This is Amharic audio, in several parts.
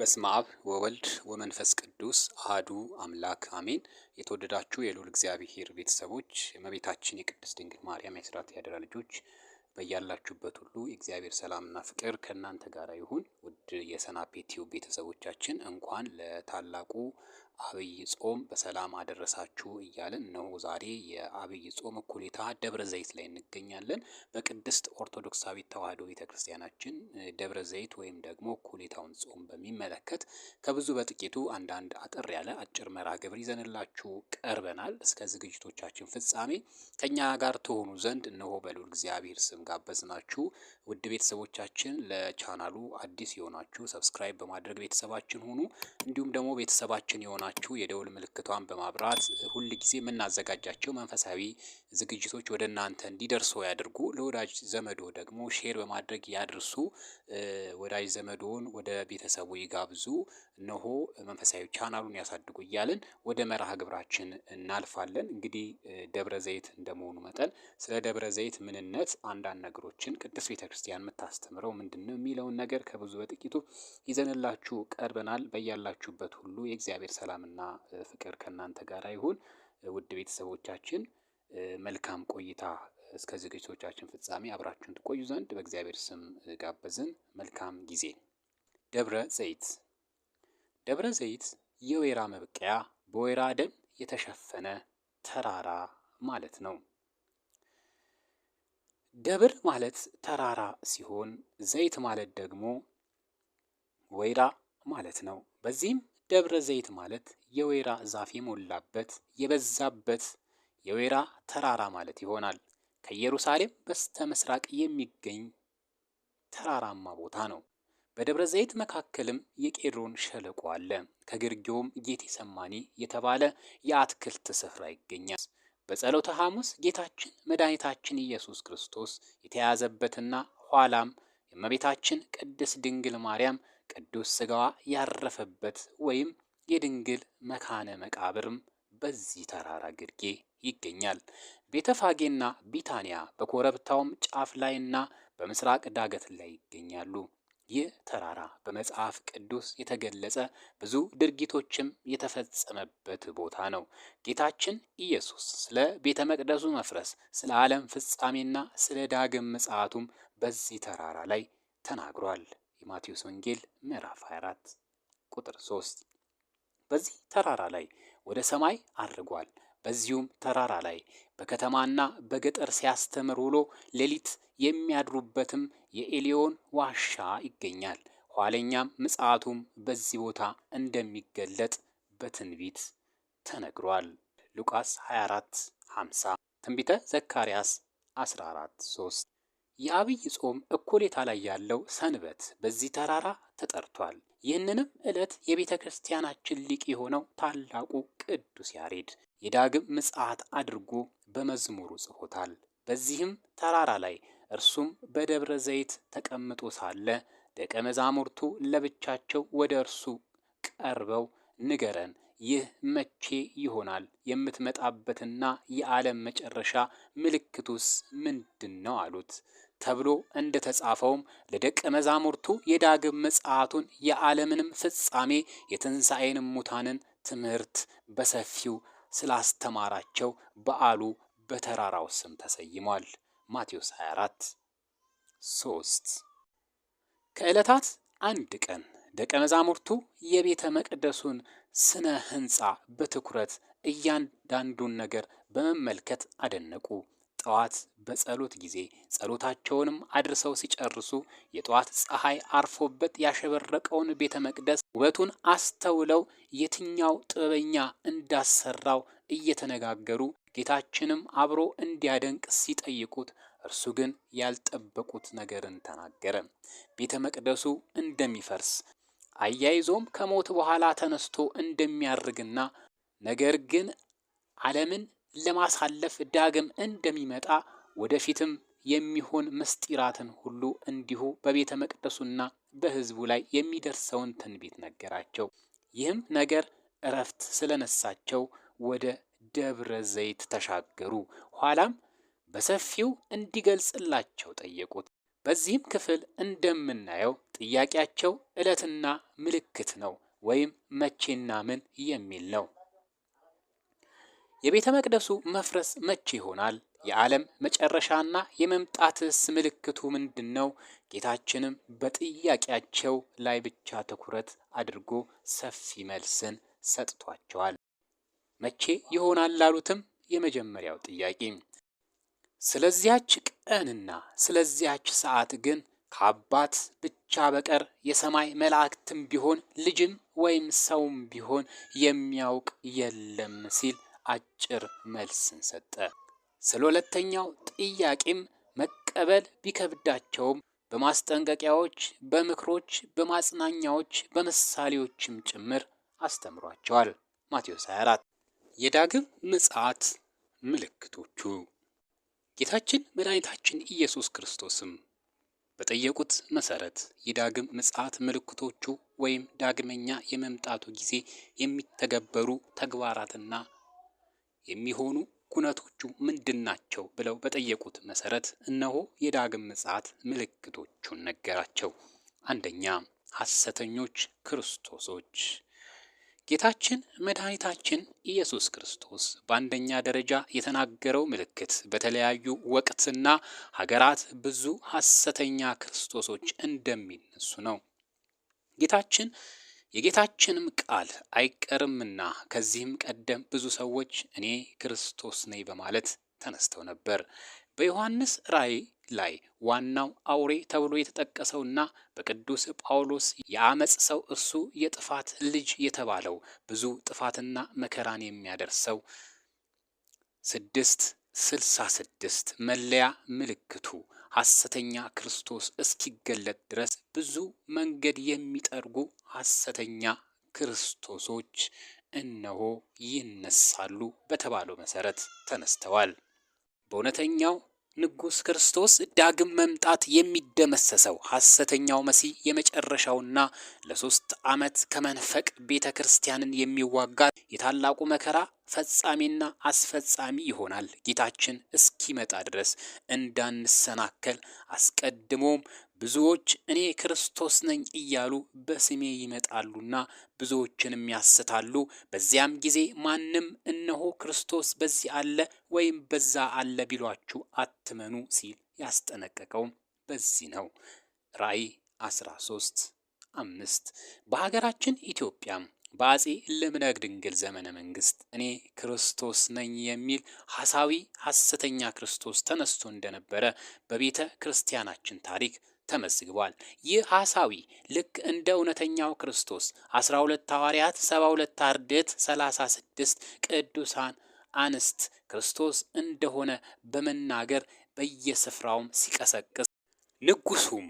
በስመ አብ ወወልድ ወመንፈስ ቅዱስ አህዱ አምላክ አሜን። የተወደዳችሁ የልዑል እግዚአብሔር ቤተሰቦች፣ የእመቤታችን የቅድስት ድንግል ማርያም የስራት ያደራ ልጆች በያላችሁበት ሁሉ የእግዚአብሔር ሰላምና ፍቅር ከእናንተ ጋር ይሁን። ውድ የሰናፔ ቲዩብ ቤተሰቦቻችን እንኳን ለታላቁ አብይ ጾም በሰላም አደረሳችሁ እያለን ነው። ዛሬ የአብይ ጾም እኩሌታ ደብረ ዘይት ላይ እንገኛለን። በቅድስት ኦርቶዶክሳዊት ተዋሕዶ ቤተ ክርስቲያናችን ደብረ ዘይት ወይም ደግሞ እኩሌታውን ጾም በሚመለከት ከብዙ በጥቂቱ አንዳንድ አጠር ያለ አጭር መርሃ ግብር ይዘንላችሁ ቀርበናል። እስከ ዝግጅቶቻችን ፍጻሜ ከኛ ጋር ትሆኑ ዘንድ እነሆ በልዑል እግዚአብሔር ስም ጋበዝናችሁ። ውድ ቤተሰቦቻችን ለቻናሉ አዲስ የሆናችሁ ሰብስክራይብ በማድረግ ቤተሰባችን ሁኑ። እንዲሁም ደግሞ ቤተሰባችን የሆና ከጠቀማችሁ የደውል ምልክቷን በማብራት ሁል ጊዜ የምናዘጋጃቸው መንፈሳዊ ዝግጅቶች ወደ እናንተ እንዲደርሱ ያድርጉ። ለወዳጅ ዘመዶ ደግሞ ሼር በማድረግ ያድርሱ። ወዳጅ ዘመዶን ወደ ቤተሰቡ ይጋብዙ። እነሆ መንፈሳዊ ቻናሉን ያሳድጉ እያልን ወደ መርሃ ግብራችን እናልፋለን። እንግዲህ ደብረ ዘይት እንደመሆኑ መጠን ስለ ደብረ ዘይት ምንነት አንዳንድ ነገሮችን ቅድስት ቤተ ክርስቲያን የምታስተምረው ምንድን ነው የሚለውን ነገር ከብዙ በጥቂቱ ይዘንላችሁ ቀርበናል። በያላችሁበት ሁሉ የእግዚአብሔር ሰላምና ፍቅር ከእናንተ ጋር ይሁን። ውድ ቤተሰቦቻችን መልካም ቆይታ እስከ ዝግጅቶቻችን ፍጻሜ አብራችሁን ትቆዩ ዘንድ በእግዚአብሔር ስም ጋበዝን። መልካም ጊዜ። ደብረ ዘይት። ደብረ ዘይት የወይራ መብቀያ በወይራ ደን የተሸፈነ ተራራ ማለት ነው። ደብር ማለት ተራራ ሲሆን ዘይት ማለት ደግሞ ወይራ ማለት ነው። በዚህም ደብረ ዘይት ማለት የወይራ ዛፍ የሞላበት የበዛበት የወይራ ተራራ ማለት ይሆናል። ከኢየሩሳሌም በስተ ምስራቅ የሚገኝ ተራራማ ቦታ ነው። በደብረ ዘይት መካከልም የቄድሮን ሸለቆ አለ። ከግርጌውም ጌቴሰማኒ የተባለ የአትክልት ስፍራ ይገኛል። በጸሎተ ሐሙስ ጌታችን መድኃኒታችን ኢየሱስ ክርስቶስ የተያዘበትና ኋላም የእመቤታችን ቅድስ ድንግል ማርያም ቅዱስ ሥጋዋ ያረፈበት ወይም የድንግል መካነ መቃብርም በዚህ ተራራ ግርጌ ይገኛል። ቤተፋጌና ቢታንያ በኮረብታውም ጫፍ ላይና በምስራቅ ዳገት ላይ ይገኛሉ። ይህ ተራራ በመጽሐፍ ቅዱስ የተገለጸ ብዙ ድርጊቶችም የተፈጸመበት ቦታ ነው። ጌታችን ኢየሱስ ስለ ቤተ መቅደሱ መፍረስ፣ ስለ ዓለም ፍጻሜና ስለ ዳግም ምጽአቱም በዚህ ተራራ ላይ ተናግሯል። የማቴዎስ ወንጌል ምዕራፍ 24 ቁጥር 3 በዚህ ተራራ ላይ ወደ ሰማይ አድርጓል። በዚሁም ተራራ ላይ በከተማና በገጠር ሲያስተምር ውሎ ሌሊት የሚያድሩበትም የኤሊዮን ዋሻ ይገኛል። ኋለኛም ምጽአቱም በዚህ ቦታ እንደሚገለጥ በትንቢት ተነግሯል። ሉቃስ 24 50 ትንቢተ ዘካርያስ 14 3 የአብይ ጾም እኩሌታ ላይ ያለው ሰንበት በዚህ ተራራ ተጠርቷል። ይህንንም ዕለት የቤተ ክርስቲያናችን ሊቅ የሆነው ታላቁ ቅዱስ ያሬድ የዳግም ምጽአት አድርጎ በመዝሙሩ ጽፎታል። በዚህም ተራራ ላይ እርሱም በደብረ ዘይት ተቀምጦ ሳለ ደቀ መዛሙርቱ ለብቻቸው ወደ እርሱ ቀርበው ንገረን፣ ይህ መቼ ይሆናል? የምትመጣበትና የዓለም መጨረሻ ምልክቱስ ምንድን ነው? አሉት ተብሎ እንደ ተጻፈውም ለደቀ መዛሙርቱ የዳግም ምጽአቱን የዓለምንም ፍጻሜ የትንሣኤንም ሙታንን ትምህርት በሰፊው ስላስተማራቸው በዓሉ በተራራው ስም ተሰይሟል። ማቴዎስ 24 3 ከዕለታት አንድ ቀን ደቀ መዛሙርቱ የቤተ መቅደሱን ስነ ሕንፃ በትኩረት እያንዳንዱን ነገር በመመልከት አደነቁ። ጠዋት በጸሎት ጊዜ ጸሎታቸውንም አድርሰው ሲጨርሱ የጠዋት ፀሐይ አርፎበት ያሸበረቀውን ቤተ መቅደስ ውበቱን አስተውለው የትኛው ጥበበኛ እንዳሰራው እየተነጋገሩ ጌታችንም አብሮ እንዲያደንቅ ሲጠይቁት እርሱ ግን ያልጠበቁት ነገርን ተናገረ። ቤተ መቅደሱ እንደሚፈርስ አያይዞም ከሞት በኋላ ተነስቶ እንደሚያርግና ነገር ግን ዓለምን ለማሳለፍ ዳግም እንደሚመጣ ወደፊትም የሚሆን ምስጢራትን ሁሉ እንዲሁ በቤተ መቅደሱና በሕዝቡ ላይ የሚደርሰውን ትንቢት ነገራቸው። ይህም ነገር እረፍት ስለነሳቸው ወደ ደብረ ዘይት ተሻገሩ። ኋላም በሰፊው እንዲገልጽላቸው ጠየቁት። በዚህም ክፍል እንደምናየው ጥያቄያቸው ዕለትና ምልክት ነው ወይም መቼና ምን የሚል ነው። የቤተ መቅደሱ መፍረስ መቼ ይሆናል? የዓለም መጨረሻና የመምጣትስ ምልክቱ ምንድን ነው? ጌታችንም በጥያቄያቸው ላይ ብቻ ትኩረት አድርጎ ሰፊ መልስን ሰጥቷቸዋል። መቼ ይሆናል ላሉትም የመጀመሪያው ጥያቄ። ስለዚያች ቀንና ስለዚያች ሰዓት ግን ከአባት ብቻ በቀር የሰማይ መላእክትም ቢሆን ልጅም ወይም ሰውም ቢሆን የሚያውቅ የለም ሲል አጭር መልስን ሰጠ። ስለ ሁለተኛው ጥያቄም መቀበል ቢከብዳቸውም በማስጠንቀቂያዎች፣ በምክሮች፣ በማጽናኛዎች፣ በምሳሌዎችም ጭምር አስተምሯቸዋል። ማቴዎስ 24 የዳግም ምጽአት ምልክቶቹ ጌታችን መድኃኒታችን ኢየሱስ ክርስቶስም በጠየቁት መሰረት የዳግም ምጽአት ምልክቶቹ ወይም ዳግመኛ የመምጣቱ ጊዜ የሚተገበሩ ተግባራትና የሚሆኑ ኩነቶቹ ምንድን ናቸው ብለው በጠየቁት መሰረት እነሆ የዳግም ምጽአት ምልክቶቹን ነገራቸው። አንደኛ ሐሰተኞች ክርስቶሶች። ጌታችን መድኃኒታችን ኢየሱስ ክርስቶስ በአንደኛ ደረጃ የተናገረው ምልክት በተለያዩ ወቅትና ሀገራት ብዙ ሐሰተኛ ክርስቶሶች እንደሚነሱ ነው። ጌታችን የጌታችንም ቃል አይቀርምና ከዚህም ቀደም ብዙ ሰዎች እኔ ክርስቶስ ነኝ በማለት ተነስተው ነበር። በዮሐንስ ራእይ ላይ ዋናው አውሬ ተብሎ የተጠቀሰውና በቅዱስ ጳውሎስ የአመፅ ሰው እርሱ የጥፋት ልጅ የተባለው ብዙ ጥፋትና መከራን የሚያደርሰው ስድስት ስልሳ ስድስት መለያ ምልክቱ ሐሰተኛ ክርስቶስ እስኪገለጥ ድረስ ብዙ መንገድ የሚጠርጉ ሐሰተኛ ክርስቶሶች እነሆ ይነሳሉ በተባለው መሰረት ተነስተዋል። በእውነተኛው ንጉሥ ክርስቶስ ዳግም መምጣት የሚደመሰሰው ሐሰተኛው መሲህ የመጨረሻውና ለሶስት ዓመት ከመንፈቅ ቤተ ክርስቲያንን የሚዋጋ የታላቁ መከራ ፈጻሚና አስፈጻሚ ይሆናል። ጌታችን እስኪመጣ ድረስ እንዳንሰናከል አስቀድሞም ብዙዎች እኔ ክርስቶስ ነኝ እያሉ በስሜ ይመጣሉና ብዙዎችንም ያስታሉ። በዚያም ጊዜ ማንም እነሆ ክርስቶስ በዚህ አለ ወይም በዛ አለ ቢሏችሁ አትመኑ ሲል ያስጠነቀቀው በዚህ ነው። ራእይ 13 አምስት በሀገራችን ኢትዮጵያም በአጼ ልብነ ድንግል ዘመነ መንግስት እኔ ክርስቶስ ነኝ የሚል ሐሳዊ ሐሰተኛ ክርስቶስ ተነስቶ እንደነበረ በቤተ ክርስቲያናችን ታሪክ ተመዝግቧል። ይህ ሐሳዊ ልክ እንደ እውነተኛው ክርስቶስ 12 ሐዋርያት፣ 72 አርድእት፣ 36 ቅዱሳን አንስት ክርስቶስ እንደሆነ በመናገር በየስፍራውም ሲቀሰቅስ ንጉሱም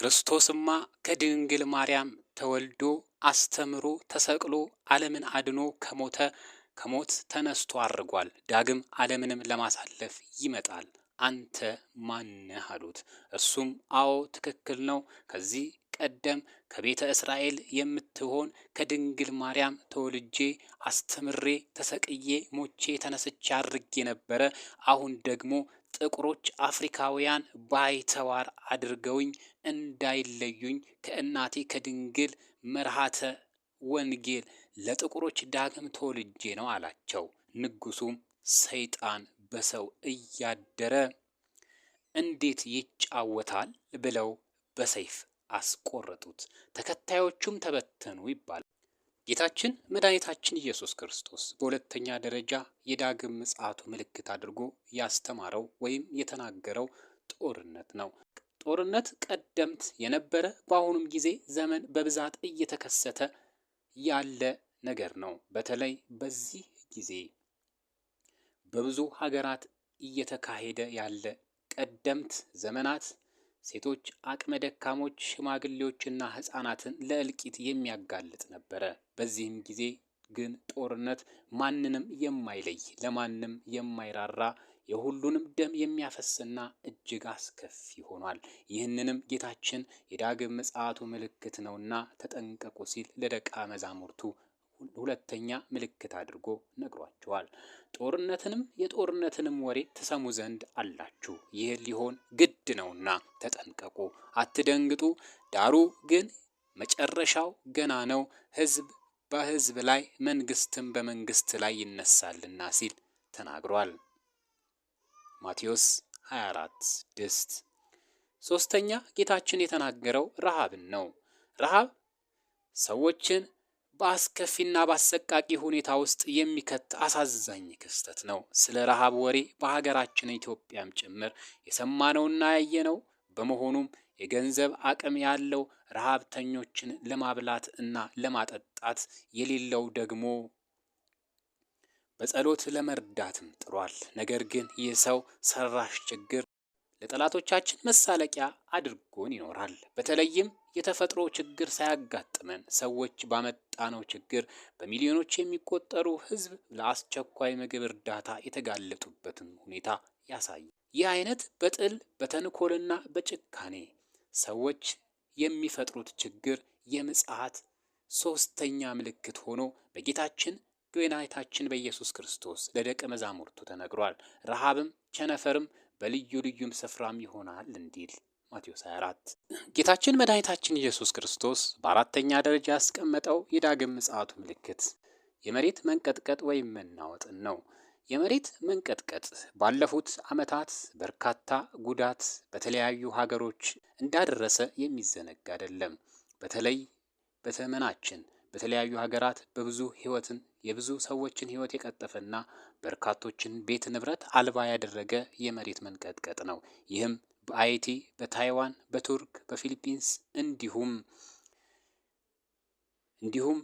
ክርስቶስማ ከድንግል ማርያም ተወልዶ አስተምሮ ተሰቅሎ ዓለምን አድኖ ከሞተ ከሞት ተነስቶ አድርጓል። ዳግም ዓለምንም ለማሳለፍ ይመጣል። አንተ ማነህ አሉት። እርሱም አዎ ትክክል ነው፣ ከዚህ ቀደም ከቤተ እስራኤል የምትሆን ከድንግል ማርያም ተወልጄ አስተምሬ ተሰቅዬ ሞቼ ተነስቼ አድርጌ ነበረ። አሁን ደግሞ ጥቁሮች አፍሪካውያን ባይተዋር አድርገውኝ እንዳይለዩኝ ከእናቴ ከድንግል መርሃተ ወንጌል ለጥቁሮች ዳግም ተወልጄ ነው አላቸው። ንጉሱም ሰይጣን በሰው እያደረ እንዴት ይጫወታል ብለው በሰይፍ አስቆረጡት። ተከታዮቹም ተበተኑ ይባላል። ጌታችን መድኃኒታችን ኢየሱስ ክርስቶስ በሁለተኛ ደረጃ የዳግም ምጽአቱ ምልክት አድርጎ ያስተማረው ወይም የተናገረው ጦርነት ነው። ጦርነት ቀደምት የነበረ በአሁኑም ጊዜ ዘመን በብዛት እየተከሰተ ያለ ነገር ነው። በተለይ በዚህ ጊዜ በብዙ ሀገራት እየተካሄደ ያለ ቀደምት ዘመናት ሴቶች፣ አቅመ ደካሞች፣ ሽማግሌዎችና ህፃናትን ለእልቂት የሚያጋልጥ ነበረ። በዚህም ጊዜ ግን ጦርነት ማንንም የማይለይ ለማንም የማይራራ የሁሉንም ደም የሚያፈስና እጅግ አስከፊ ሆኗል። ይህንንም ጌታችን የዳግም ምጽአቱ ምልክት ነውና ተጠንቀቁ ሲል ለደቀ መዛሙርቱ ሁለተኛ ምልክት አድርጎ ነግሯቸዋል። ጦርነትንም የጦርነትንም ወሬ ትሰሙ ዘንድ አላችሁ፣ ይህ ሊሆን ግድ ነውና ተጠንቀቁ፣ አትደንግጡ። ዳሩ ግን መጨረሻው ገና ነው፣ ሕዝብ በህዝብ ላይ መንግስትም በመንግስት ላይ ይነሳልና ሲል ተናግሯል። ማቴዎስ 24 ድስት ሶስተኛ ጌታችን የተናገረው ረሃብን ነው። ረሃብ ሰዎችን በአስከፊና በአሰቃቂ ሁኔታ ውስጥ የሚከት አሳዛኝ ክስተት ነው። ስለ ረሃብ ወሬ በሀገራችን ኢትዮጵያም ጭምር የሰማነውና ያየነው በመሆኑም የገንዘብ አቅም ያለው ረሃብተኞችን ለማብላት እና ለማጠጣት የሌለው ደግሞ በጸሎት ለመርዳትም ጥሯል። ነገር ግን ይህ ሰው ሰራሽ ችግር ለጠላቶቻችን መሳለቂያ አድርጎን ይኖራል። በተለይም የተፈጥሮ ችግር ሳያጋጥመን ሰዎች ባመጣነው ችግር በሚሊዮኖች የሚቆጠሩ ሕዝብ ለአስቸኳይ ምግብ እርዳታ የተጋለጡበትን ሁኔታ ያሳያል። ይህ አይነት በጥል በተንኮልና በጭካኔ ሰዎች የሚፈጥሩት ችግር የምጽአት ሶስተኛ ምልክት ሆኖ በጌታችን በመድኃኒታችን በኢየሱስ ክርስቶስ ለደቀ መዛሙርቱ ተነግሯል። ረሃብም ቸነፈርም በልዩ ልዩም ስፍራም ይሆናል እንዲል ማቴዎስ 24 ጌታችን መድኃኒታችን ኢየሱስ ክርስቶስ በአራተኛ ደረጃ ያስቀመጠው የዳግም ምጽአቱ ምልክት የመሬት መንቀጥቀጥ ወይም መናወጥን ነው። የመሬት መንቀጥቀጥ ባለፉት ዓመታት በርካታ ጉዳት በተለያዩ ሀገሮች እንዳደረሰ የሚዘነጋ አይደለም። በተለይ በዘመናችን በተለያዩ ሀገራት በብዙ ህይወትን የብዙ ሰዎችን ህይወት የቀጠፈና በርካቶችን ቤት ንብረት አልባ ያደረገ የመሬት መንቀጥቀጥ ነው። ይህም በአይቲ፣ በታይዋን፣ በቱርክ፣ በፊሊፒንስ እንዲሁም እንዲሁም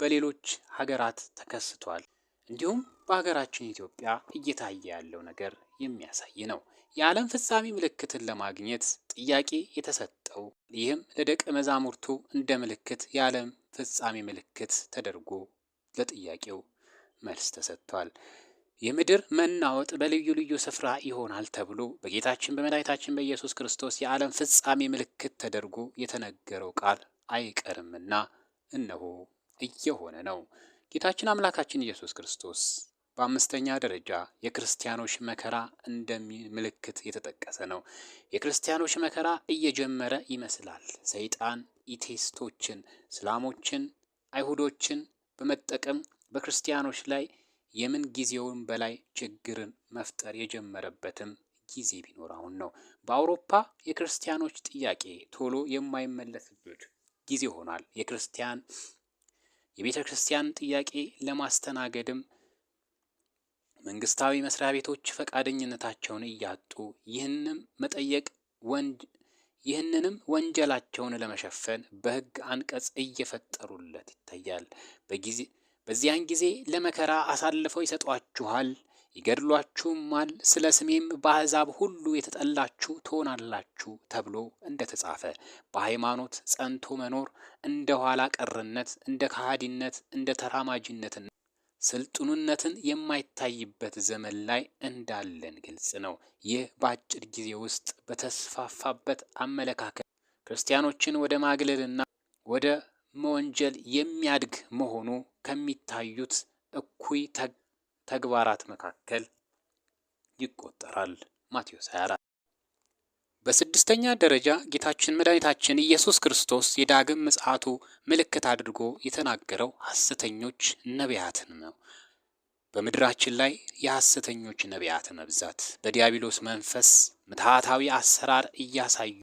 በሌሎች ሀገራት ተከስቷል። እንዲሁም በሀገራችን ኢትዮጵያ እየታየ ያለው ነገር የሚያሳይ ነው። የዓለም ፍጻሜ ምልክትን ለማግኘት ጥያቄ የተሰጠው ይህም ለደቀ መዛሙርቱ እንደ ምልክት የዓለም ፍጻሜ ምልክት ተደርጎ ለጥያቄው መልስ ተሰጥቷል። የምድር መናወጥ በልዩ ልዩ ስፍራ ይሆናል ተብሎ በጌታችን በመድኃኒታችን በኢየሱስ ክርስቶስ የዓለም ፍጻሜ ምልክት ተደርጎ የተነገረው ቃል አይቀርምና እነሆ እየሆነ ነው። ጌታችን አምላካችን ኢየሱስ ክርስቶስ በአምስተኛ ደረጃ የክርስቲያኖች መከራ እንደሚምልክት የተጠቀሰ ነው። የክርስቲያኖች መከራ እየጀመረ ይመስላል። ሰይጣን ኢቴስቶችን እስላሞችን አይሁዶችን በመጠቀም በክርስቲያኖች ላይ የምን ጊዜውን በላይ ችግርን መፍጠር የጀመረበትም ጊዜ ቢኖር አሁን ነው። በአውሮፓ የክርስቲያኖች ጥያቄ ቶሎ የማይመለስበት ጊዜ ሆኗል። የክርስቲያን የቤተ ክርስቲያን ጥያቄ ለማስተናገድም መንግስታዊ መስሪያ ቤቶች ፈቃደኝነታቸውን እያጡ ይህንም መጠየቅ ወንድ ይህንንም ወንጀላቸውን ለመሸፈን በሕግ አንቀጽ እየፈጠሩለት ይታያል። በጊዜ በዚያን ጊዜ ለመከራ አሳልፈው ይሰጧችኋል፣ ይገድሏችሁማል፣ ስለ ስሜም በአሕዛብ ሁሉ የተጠላችሁ ትሆናላችሁ ተብሎ ተጻፈ በሃይማኖት ጸንቶ መኖር እንደ ኋላ ቀርነት፣ እንደ ካሃዲነት፣ እንደ ተራማጅነትና ስልጡንነትን የማይታይበት ዘመን ላይ እንዳለን ግልጽ ነው። ይህ በአጭር ጊዜ ውስጥ በተስፋፋበት አመለካከት ክርስቲያኖችን ወደ ማግለልና ወደ መወንጀል የሚያድግ መሆኑ ከሚታዩት እኩይ ተግባራት መካከል ይቆጠራል። ማቴዎስ 24 በስድስተኛ ደረጃ ጌታችን መድኃኒታችን ኢየሱስ ክርስቶስ የዳግም ምጽአቱ ምልክት አድርጎ የተናገረው ሐሰተኞች ነቢያትን ነው። በምድራችን ላይ የሐሰተኞች ነቢያት መብዛት በዲያብሎስ መንፈስ ምትሃታዊ አሰራር እያሳዩ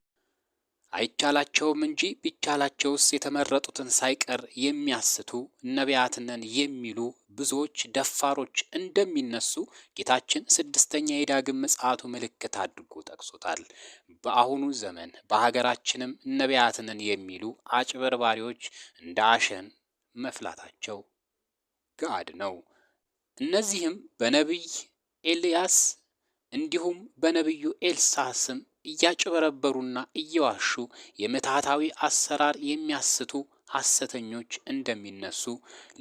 አይቻላቸውም እንጂ ቢቻላቸውስ የተመረጡትን ሳይቀር የሚያስቱ ነቢያትነን የሚሉ ብዙዎች ደፋሮች እንደሚነሱ ጌታችን ስድስተኛ የዳግም ምጽአቱ ምልክት አድርጎ ጠቅሶታል። በአሁኑ ዘመን በሀገራችንም ነቢያት የሚሉ አጭበርባሪዎች እንደ አሸን መፍላታቸው ጋድ ነው። እነዚህም በነቢይ ኤልያስ እንዲሁም በነቢዩ ኤልሳ ስም እያጭበረበሩና እየዋሹ የምትሃታዊ አሰራር የሚያስቱ ሐሰተኞች እንደሚነሱ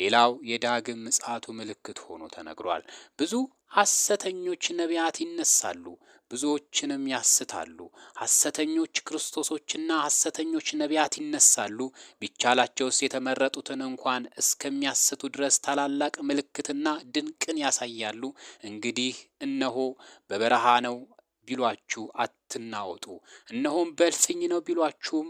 ሌላው የዳግም ምጽአቱ ምልክት ሆኖ ተነግሯል። ብዙ ሐሰተኞች ነቢያት ይነሳሉ፣ ብዙዎችንም ያስታሉ። ሐሰተኞች ክርስቶሶችና ሐሰተኞች ነቢያት ይነሳሉ። ቢቻላቸውስ የተመረጡትን እንኳን እስከሚያስቱ ድረስ ታላላቅ ምልክትና ድንቅን ያሳያሉ። እንግዲህ እነሆ በበረሃ ነው ቢሏችሁ አትናወጡ፣ እነሆም በልጽኝ ነው ቢሏችሁም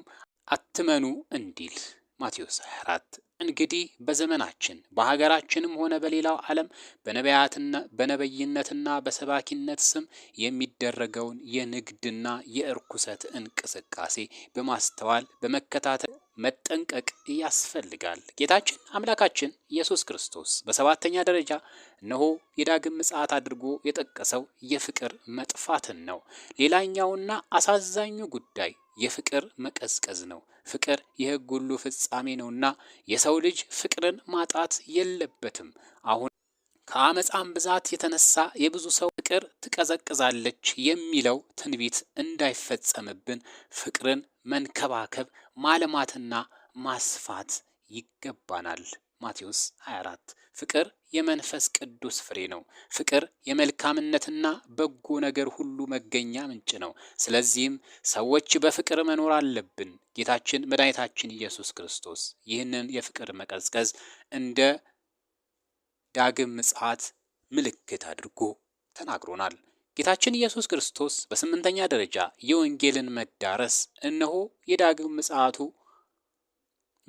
አትመኑ እንዲል ማቴዎስ 24 እንግዲህ በዘመናችን በሀገራችንም ሆነ በሌላው ዓለም በነቢያትና በነቢይነትና በሰባኪነት ስም የሚደረገውን የንግድና የእርኩሰት እንቅስቃሴ በማስተዋል በመከታተል መጠንቀቅ ያስፈልጋል። ጌታችን አምላካችን ኢየሱስ ክርስቶስ በሰባተኛ ደረጃ እነሆ የዳግም ምጽአት አድርጎ የጠቀሰው የፍቅር መጥፋትን ነው። ሌላኛውና አሳዛኙ ጉዳይ የፍቅር መቀዝቀዝ ነው። ፍቅር የሕግ ሁሉ ፍጻሜ ነውና የሰው ልጅ ፍቅርን ማጣት የለበትም። አሁን ከአመፃም ብዛት የተነሳ የብዙ ሰው ፍቅር ትቀዘቅዛለች የሚለው ትንቢት እንዳይፈጸምብን ፍቅርን መንከባከብ ማልማትና ማስፋት ይገባናል። ማቴዎስ 24 ፍቅር የመንፈስ ቅዱስ ፍሬ ነው። ፍቅር የመልካምነትና በጎ ነገር ሁሉ መገኛ ምንጭ ነው። ስለዚህም ሰዎች በፍቅር መኖር አለብን። ጌታችን መድኃኒታችን ኢየሱስ ክርስቶስ ይህንን የፍቅር መቀዝቀዝ እንደ ዳግም ምጽአት ምልክት አድርጎ ተናግሮናል። ጌታችን ኢየሱስ ክርስቶስ በስምንተኛ ደረጃ የወንጌልን መዳረስ እነሆ የዳግም ምጽአቱ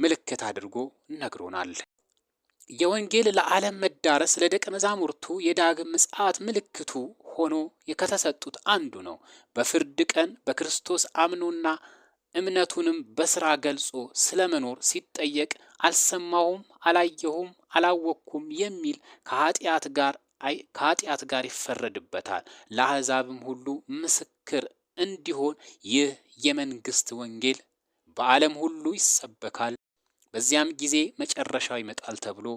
ምልክት አድርጎ ነግሮናል። የወንጌል ለዓለም መዳረስ ለደቀ መዛሙርቱ የዳግም ምጽአት ምልክቱ ሆኖ ከተሰጡት አንዱ ነው። በፍርድ ቀን በክርስቶስ አምኖና እምነቱንም በስራ ገልጾ ስለመኖር ሲጠየቅ አልሰማሁም፣ አላየሁም፣ አላወቅኩም የሚል ከኃጢአት ጋር ከኃጢአት ጋር ይፈረድበታል። ለአሕዛብም ሁሉ ምስክር እንዲሆን ይህ የመንግስት ወንጌል በዓለም ሁሉ ይሰበካል በዚያም ጊዜ መጨረሻው ይመጣል ተብሎ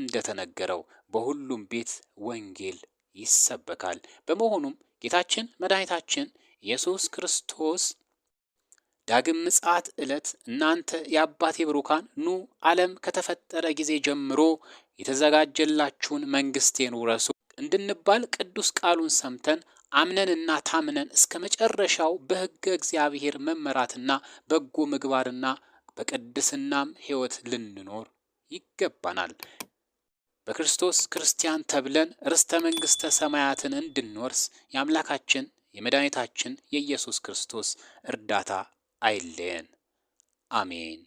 እንደተነገረው በሁሉም ቤት ወንጌል ይሰበካል። በመሆኑም ጌታችን መድኃኒታችን ኢየሱስ ክርስቶስ ዳግም ምጽአት ዕለት እናንተ የአባቴ ብሩካን ኑ፣ ዓለም ከተፈጠረ ጊዜ ጀምሮ የተዘጋጀላችሁን መንግሥቴን ውረሱ እንድንባል ቅዱስ ቃሉን ሰምተን አምነንና ታምነን እስከ መጨረሻው በሕገ እግዚአብሔር መመራትና በጎ ምግባርና በቅድስናም ሕይወት ልንኖር ይገባናል። በክርስቶስ ክርስቲያን ተብለን ርስተ መንግሥተ ሰማያትን እንድንወርስ የአምላካችን የመድኃኒታችን የኢየሱስ ክርስቶስ እርዳታ አይለየን። አሜን።